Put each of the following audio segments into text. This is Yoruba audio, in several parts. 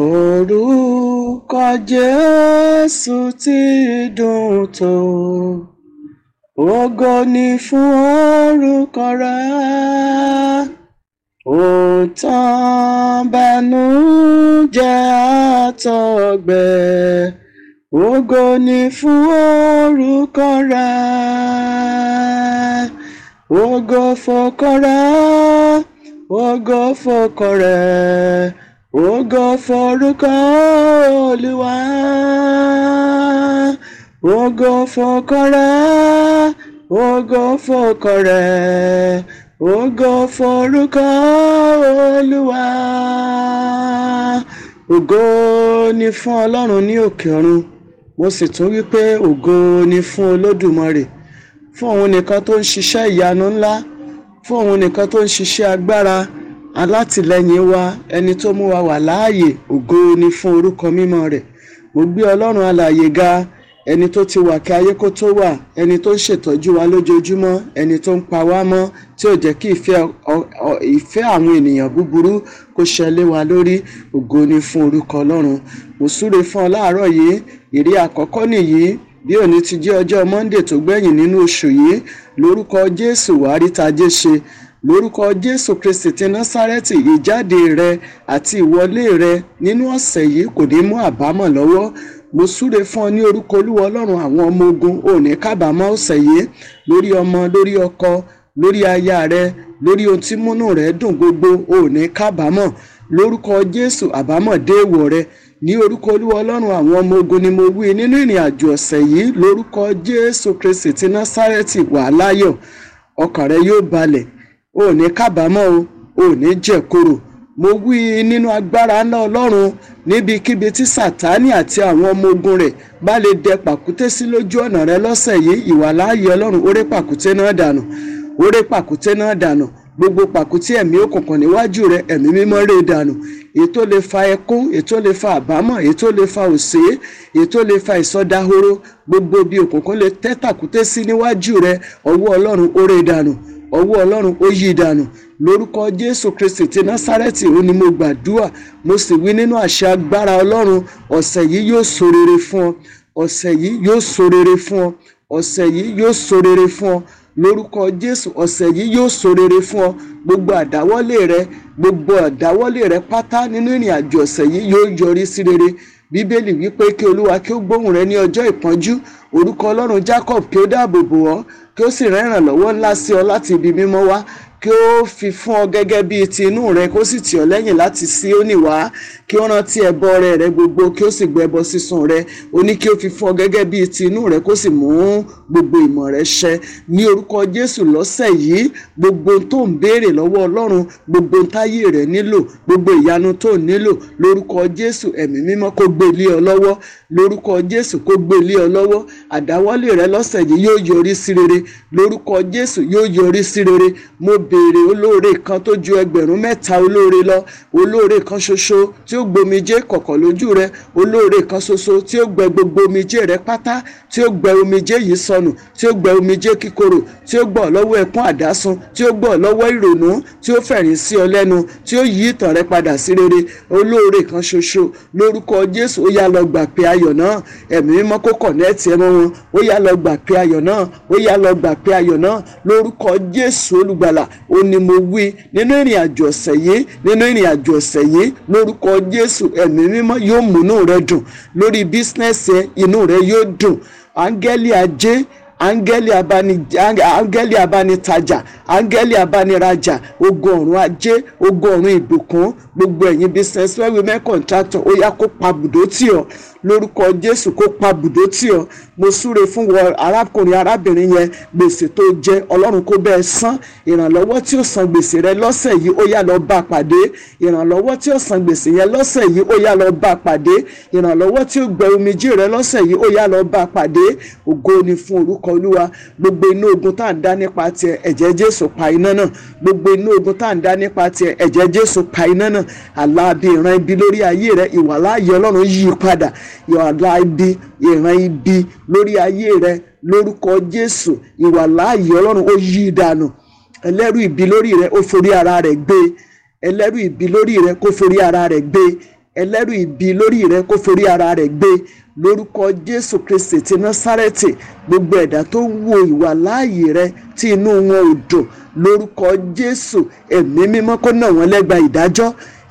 Orúkọ Jésù ti dùn tó, ògo ni fún orúkọ rẹ̀. Òtàn bẹnu jẹ́ àtọ̀gbẹ. Ògo ni fún orúkọ rẹ̀. Ògo fọkọ rẹ̀. Ògo fọkọ rẹ̀. Ògo forúkọ Olúwa. Ògo fọkọ rẹ̀. Ògo fọkọ rẹ̀. Ògo forúkọ Olúwa. Ògo ni fún Ọlọ́run ní òkè ọ̀run mo sì tún wí pé ògo ni fún olódùmarè fún òun nìkan tó ń ṣiṣẹ́ ìyanu ńlá fún òun nìkan tó ń ṣiṣẹ́ agbára alátìlẹyìn wa ẹni tó mú wa wà láàyè ògo ni fún orúkọ mímọ́ rẹ̀ mo gbé ọlọ́run alààyè ga ẹni tó ti wà kí ayé kó tó wà ẹni tó ń ṣètọ́jú wa lójoojúmọ́ ẹni tó ń pa wá mọ́ tí ò jẹ́ kí ìfẹ́ àwọn ènìyàn búburú kó ṣẹlẹ̀ wa lórí ògo ni fún orúkọ ọlọ́run mo súre fún ọ láàárọ̀ yìí ìrí àkọ́kọ́ nìyí bí òní ti jẹ́ ọjọ́ monday tó gbẹ̀yìn nínú oṣù yìí lórúkọ jésù wàá rí tajé lórúkọ jésù kristi ti násárẹ́tì ìjáde rẹ àti ìwọlé rẹ nínú ọ̀sẹ̀ yìí kò ní mú àbámọ̀ lọ́wọ́ mo súre fún ọ ní orúkọ olúwa ọlọ́run àwọn ọmọ ogun òní kábàámọ̀ ọ̀sẹ̀ yìí lórí ọmọ lórí ọkọ lórí aya rẹ lórí ohun tí múnú rẹ dùn gbogbo òní kábàámọ̀ lórúkọ jésù àbámọ̀ dé rẹ ní orúkọ olúwa ọlọ́run àwọn ọmọ ogun ni mo wí nínú ìrìn àjò ọ̀sẹ̀ yìí lórúkọ jésù kristi ti násárẹ́tì wà láyọ̀ ọkàn rẹ yóò balẹ̀ òní kábàámọ̀ o òní jẹ̀kọ̀rọ̀ mo wí nínú agbára ńlá ọlọ́run níbikíbi tí sátani àti àwọn ọmọ ogun rẹ̀ bá lè dẹ pàkúté sí lójú ọ̀nà rẹ lọ́sẹ̀ yìí ìwàláàyè ọlọ́run ó rẹ́ pàkúté náà dànù ó rẹ́ pàkúté náà dànù gbogbo pàkúté ẹ̀mí òkùnkùn níwájú rẹ ẹ̀mí mímọ́ rẹ̀ dànù ètò lè fa ẹkún ètò lè fa àbámọ̀ ètò lè fa òṣè ètò lè fa ìsọdahoro gbogbo bí òkùnkùn lè tẹ́ tàkúté sí níwájú rẹ ọwọ́ ọlọ́run ó dànù ọwọ́ ọlọ́run ó yí dànù lórúkọ jésù kristi ti násárẹ́tì ó ní mo gbàdúrà mo sì wí nínú àṣẹ agbára ọlọ́run ọ̀sẹ̀ yìí yóò so rere fún ọ ọ̀sẹ̀ yìí yóò so rere fún ọ ọ̀sẹ̀ yìí yóò so rere fún ọ lórúkọ jésù ọ̀sẹ̀ yìí yóò so rere fún ọ gbogbo àdáwọ́lé rẹ gbogbo àdáwọ́lé rẹ pátá nínú ìrìn àjò ọ̀sẹ̀ yìí yóò yọrí sí rere bíbélì wípé kí olúwa kí ó gbóhùn rẹ ní ọjọ́ ìpọ́njú orúkọ ọlọ́run jacob kí ó dáàbò bò ọ́ kí ó sì rán ìrànlọ́wọ́ ńlá sí ọ láti ibi mímọ́ wá kí ó fi fún ọ gẹ́gẹ́ bíi ti inú rẹ kó sì tì ọ́ lẹ́yìn láti Síónì wá kí ó rántí ẹbọ rẹ rẹ gbogbo kí ó sì gbọ́ ẹbọ sísun rẹ ó ní kí ó fi fún ọ gẹ́gẹ́ bíi ti inú rẹ kó sì mú gbogbo ìmọ̀ rẹ ṣẹ ní orúkọ Jésù lọ́sẹ̀ yìí gbogbo tó ń béèrè lọ́wọ́ Ọlọ́run gbogbo táyé rẹ nílò gbogbo ìyanu tó nílò lórúkọ Jésù ẹ̀mí mímọ́ kó gbé lé ọ lọ́wọ́ lórúkọ Jésù kó gbé lé ọ lọ́wọ́ àdáwọ́lé rẹ lọ́sẹ̀ yìí yóò yọrí sí rere lórúkọ Jésù yóò yọrí sí rere mo béèrè olóore kan tó ju ẹgbẹ̀rún mẹ́ta olóore lọ olóore kan ṣoṣo tí ó gbomijé kọ̀kọ̀ lójú rẹ olóore kan ṣoṣo tí ó gbẹ gbogbo omijé rẹ pátá tí ó gbẹ omijé yìí sọnù tí ó gbẹ omijé kíkorò tí ó gbọ́ lọ́wọ́ ẹkún àdásun tí ó gbọ́ lọ́wọ́ ìrònú tí ó fẹ̀rín sí ọ lẹ́nu tí ó yí ìtàn rẹ padà sí rere olóore kan ṣoṣo lórúkọ Jésù ó yá lọ gbà pé ayọ̀ náà ẹ̀mí mímọ́ kó kọ̀nẹ́ẹ̀tì ẹ mọ́ wọn ó yá lọ gbà pé ayọ̀ náà ó yá lọ gbà pé ayọ̀ náà lórúkọ Jésù olùgbàlà ó ní mo wí nínú ìrìn àjò ọ̀sẹ̀ yìí nínú ìrìn àjò ọ̀sẹ̀ yìí lórúkọ Jésù ẹ̀mí mímọ́ yóò múnú rẹ dùn lórí bísínẹ́sì inú rẹ yóò dùn áńgẹ́lì ajé áńgẹ́lì abánitajà áńgẹ́lì abánirajà ogun ọ̀run ajé ogun ọ̀run ìbùkún gbogbo ẹ̀yin business well women contractor ó yá kó pa bùdó tì ọ́ lórúkọ jésù kó pa bùdó tì ọ́ mo súre fún wọ arákùnrin arábìnrin yẹn gbèsè tó jẹ ọlọ́run kó bẹ́ẹ̀ san ìrànlọ́wọ́ tí ó san gbèsè rẹ lọ́sẹ̀ yìí ó yá lọ bá a pàdé ìrànlọ́wọ́ tí ó san gbèsè yẹn lọ́sẹ̀ yìí ó yá lọ bá a pàdé ìrànlọ́wọ́ tí ó gbẹ omijì rẹ lọ́sẹ̀ yìí ó yá lọ bá a pàdé ògo ni fún orúkọ orúkọ olúwa gbogbo inú ogun tá à ń dá nípa tiẹ̀ ẹ̀jẹ̀ jésù pa iná náà gbogbo inú ogun tá à ń dá nípa tiẹ̀ ẹ̀jẹ̀ jésù pa iná náà àlàbí ìran ibi lórí ayé rẹ ìwàláàyè ọlọ́run yí padà ìwàláàbí ìran ibi lórí ayé rẹ lórúkọ jésù ìwàláàyè ọlọ́run ó yí dànù ẹlẹ́rù ibi lórí rẹ ó forí ara rẹ̀ gbé ẹlẹ́rù ibi lórí rẹ kó forí ara rẹ̀ gbé ẹlẹ́rù ibi lórí rẹ kó forí ara rẹ̀ gbé lórúkọ jésù kristi ti násárẹ́tì gbogbo ẹ̀dá tó ń wo ìwà láàyè rẹ tí inú wọn ò dùn lórúkọ jésù ẹ̀mí mímọ́ kó nà wọ́n lẹ́gba ìdájọ́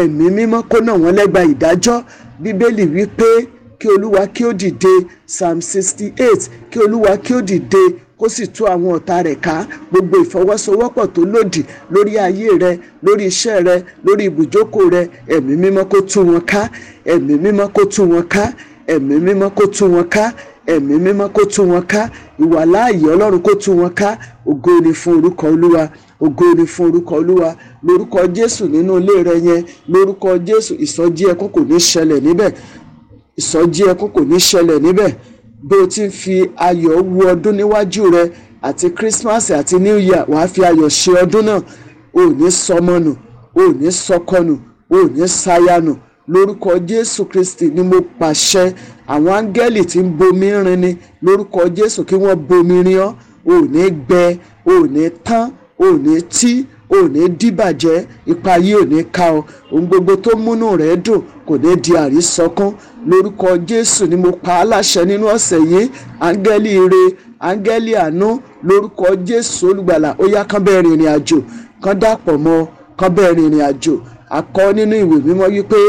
ẹ̀mí mímọ́ kó nà wọ́n lẹ́gba ìdájọ́ bíbélì wí pé kí olúwa kí ó dìde psalm sixty eight kí olúwa kí ó dìde kó sì tú àwọn ọ̀tá rẹ̀ ká gbogbo ìfọwọ́sowọ́pọ̀ tó lòdì lórí ayé rẹ lórí iṣẹ́ rẹ lórí ibùjókòó rẹ ẹ̀mí mímọ́ kó tú wọn ká ẹ̀mí mímọ́ kó tú wọn ká ẹ̀mí mímọ́ kó tú wọn ká ẹ̀mí mímọ́ kó tú wọn ká ìwà láàyè ọlọ́run kó tú wọn ká ògo ni fún orúkọ olúwa ògo ni fún orúkọ olúwa lórúkọ jésù nínú ilé rẹ yẹn lórúkọ jésù ìsọjí ẹkún kò ní ṣẹlẹ̀ níbẹ̀ ìsọjí bí o ti ń fi ayọ̀ wo ọdún níwájú rẹ àti Christmas àti New Year wàá fi ayọ̀ ṣe ọdún náà ò ní sọmọnù ò ní sọkọnù ò ní sayanù lórúkọ Jésù Kristi ni mo pàṣẹ àwọn áńgẹ́lì tí ń bomi rin ni lórúkọ Jésù kí wọ́n bomi rin ọ́ ò ní gbẹ ò ní tán ò ní tí ò ní dìbàjẹ́ ipa yìí ò ní ká ọ ohun gbogbo tó múnú rẹ dùn kò ní di àrísọkún lórúkọ Jésù ni mo pa á láṣẹ nínú ọ̀sẹ̀ yìí áńgẹ́lì ire áńgẹ́lì àánú lórúkọ Jésù olùgbàlà ó yá kán bẹ́ẹ̀ rìnrìn àjò kán dàpọ̀ mọ́ kán bẹ́ẹ̀ rìnrìn àjò akọ nínú ìwé mímọ́ wípé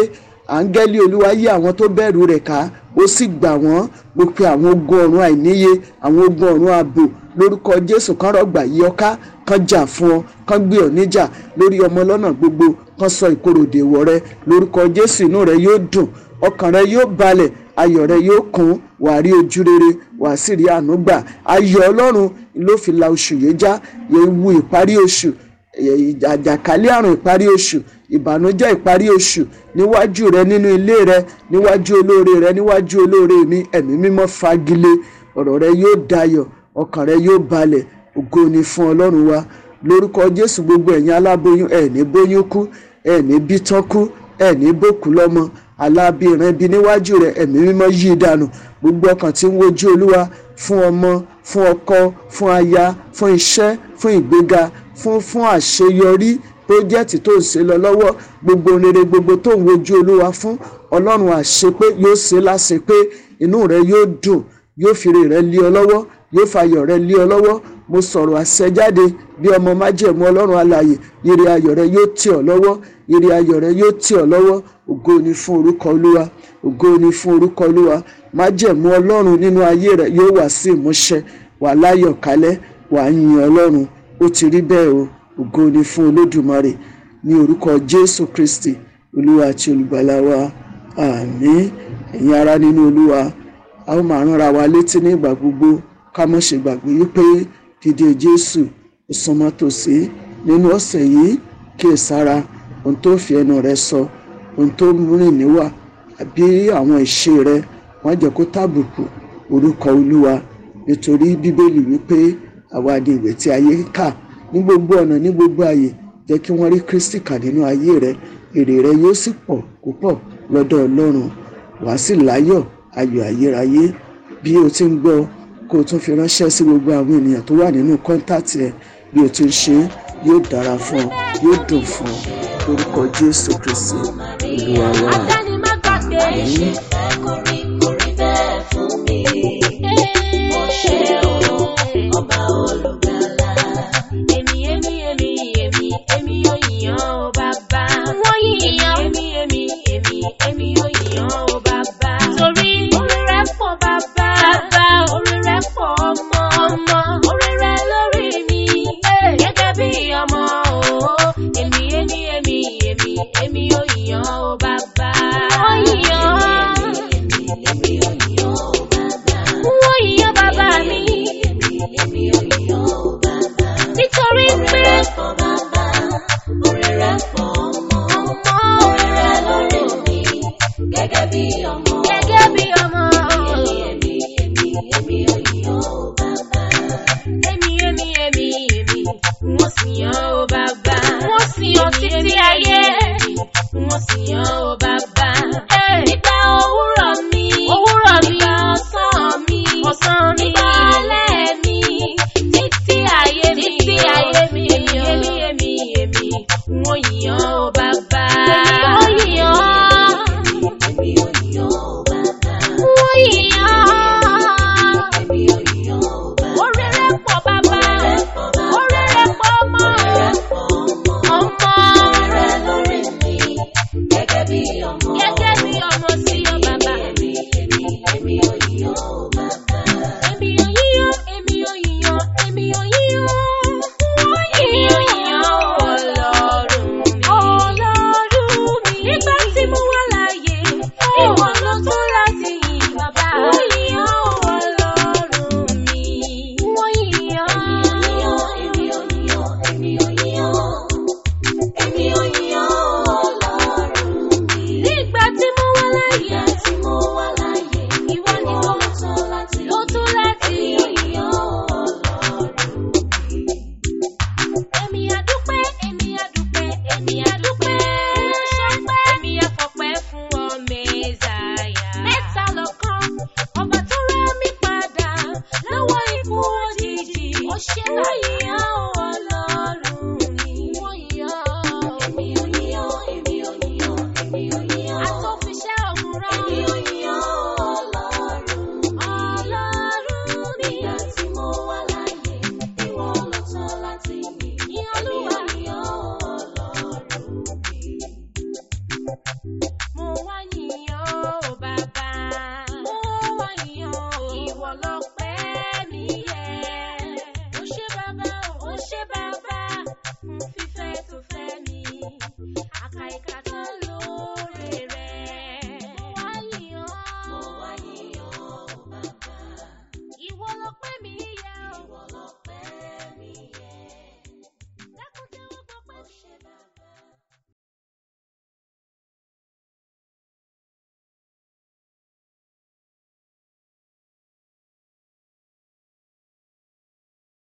Angeli olúwa yí àwọn tó bẹ̀rù rẹ̀ ká ó sì gbà wọ́n mo pe àwọn ogun ọ̀run àìníye àwọn ogun ọ̀run ààbò lórúkọ jésù kan rọgbà yí ọ ká kan jà fún ọ kan gbé ọ níjà lórí ọmọ lọ́nà gbogbo kan sọ ìkoròdè rẹ lórúkọ jésù inú rẹ yóò dùn ọkàn rẹ yóò balẹ̀ ayọ̀ rẹ yóò kún wàá rí ojú rere wàá sì rí àánú gbà ayọ̀ ọlọ́run ló fi la oṣù yìí já ewu ìparí oṣù àjàkálẹ̀ àrùn ìparí oṣù ìbànújẹ́ ìparí oṣù níwájú rẹ nínú ilé rẹ níwájú olóore rẹ níwájú olóore mi ẹ̀mí mímọ́ fagilé ọ̀rọ̀ rẹ yóò dayọ̀ ọkàn rẹ yóò balẹ̀ ògo ni fún ọlọ́run wa lórúkọ jésù gbogbo ẹ̀yin aláboyún ẹ̀ní bóyún kú ẹ̀ní bí tán kú ẹ̀ní bòkú lọ́mọ alábìrin bí níwájú rẹ ẹ̀mí mímọ́ yí dànù gbogbo ọkàn tí ń wojú olúwa fún ọmọ fún ọkọ fún aya fún iṣẹ́ fún ìgbéga fún fún àṣeyọrí pírójẹ́tì tó ń ṣe lọ lọ́wọ́ gbogbo rere gbogbo tó ń wojú olúwa fún ọlọ́run àṣepé yóò ṣe láṣepé inú rẹ yóò dùn yóò fìrè rẹ lé ọ lọ́wọ́ yóò fàyọ̀ rẹ lé ọ lọ́wọ́ mo sọ̀rọ̀ àṣẹ jáde bí ọmọ májẹ̀mú ọlọ́run alààyè ire ayọ̀ rẹ yóò tì ọ lọ́wọ́ ire ayọ̀ rẹ yóò tì ọ lọ́wọ́ ògo ni fún orúkọ olúwa ògo ni fún orúkọ olúwa májẹ̀mú ọlọ́run nínú ayé rẹ yóò wá sí ìmúṣẹ wà láyọ̀ kálẹ̀ wà ń yin ọlọ́run ó ti rí bẹ́ẹ̀ o ògo ni fún olódùmarè ní orúkọ jésù kristi olúwa àti olùgbàlà wa àmín ẹ̀yin ará nínú olúwa a ó máa ránra wa létí ní ìgbà gbogbo ká má ṣe gbàgbé wípé dídé jésù ó súnmọ́ tòsí nínú ọ̀sẹ̀ yìí kíyèsára ohun tó fi ẹnu rẹ sọ ohun tó ń rìn níwà àbí àwọn ìṣe rẹ wọ́n jẹ́ kó tàbùkù orúkọ olúwa nítorí bíbélì wípé àwa ni ìwé tí ayé ń kà ní gbogbo ọ̀nà ní gbogbo àyè jẹ́ kí wọ́n rí kristi kà nínú ayé rẹ èrè rẹ yóò sì pọ̀ púpọ̀ lọ́dọ̀ ọlọ́run wàá sì láyọ̀ ayọ̀ ayérayé bí o ti ń gbọ́ kó o tún fi ránṣẹ́ sí gbogbo àwọn ènìyàn tó wà nínú kọ́ńtàtì ẹ bí o ti ń ṣe yóò dára fún ọ yóò dùn fún ọ orúkọ jésù kristi olúwa wa. gbé ṣe fẹ́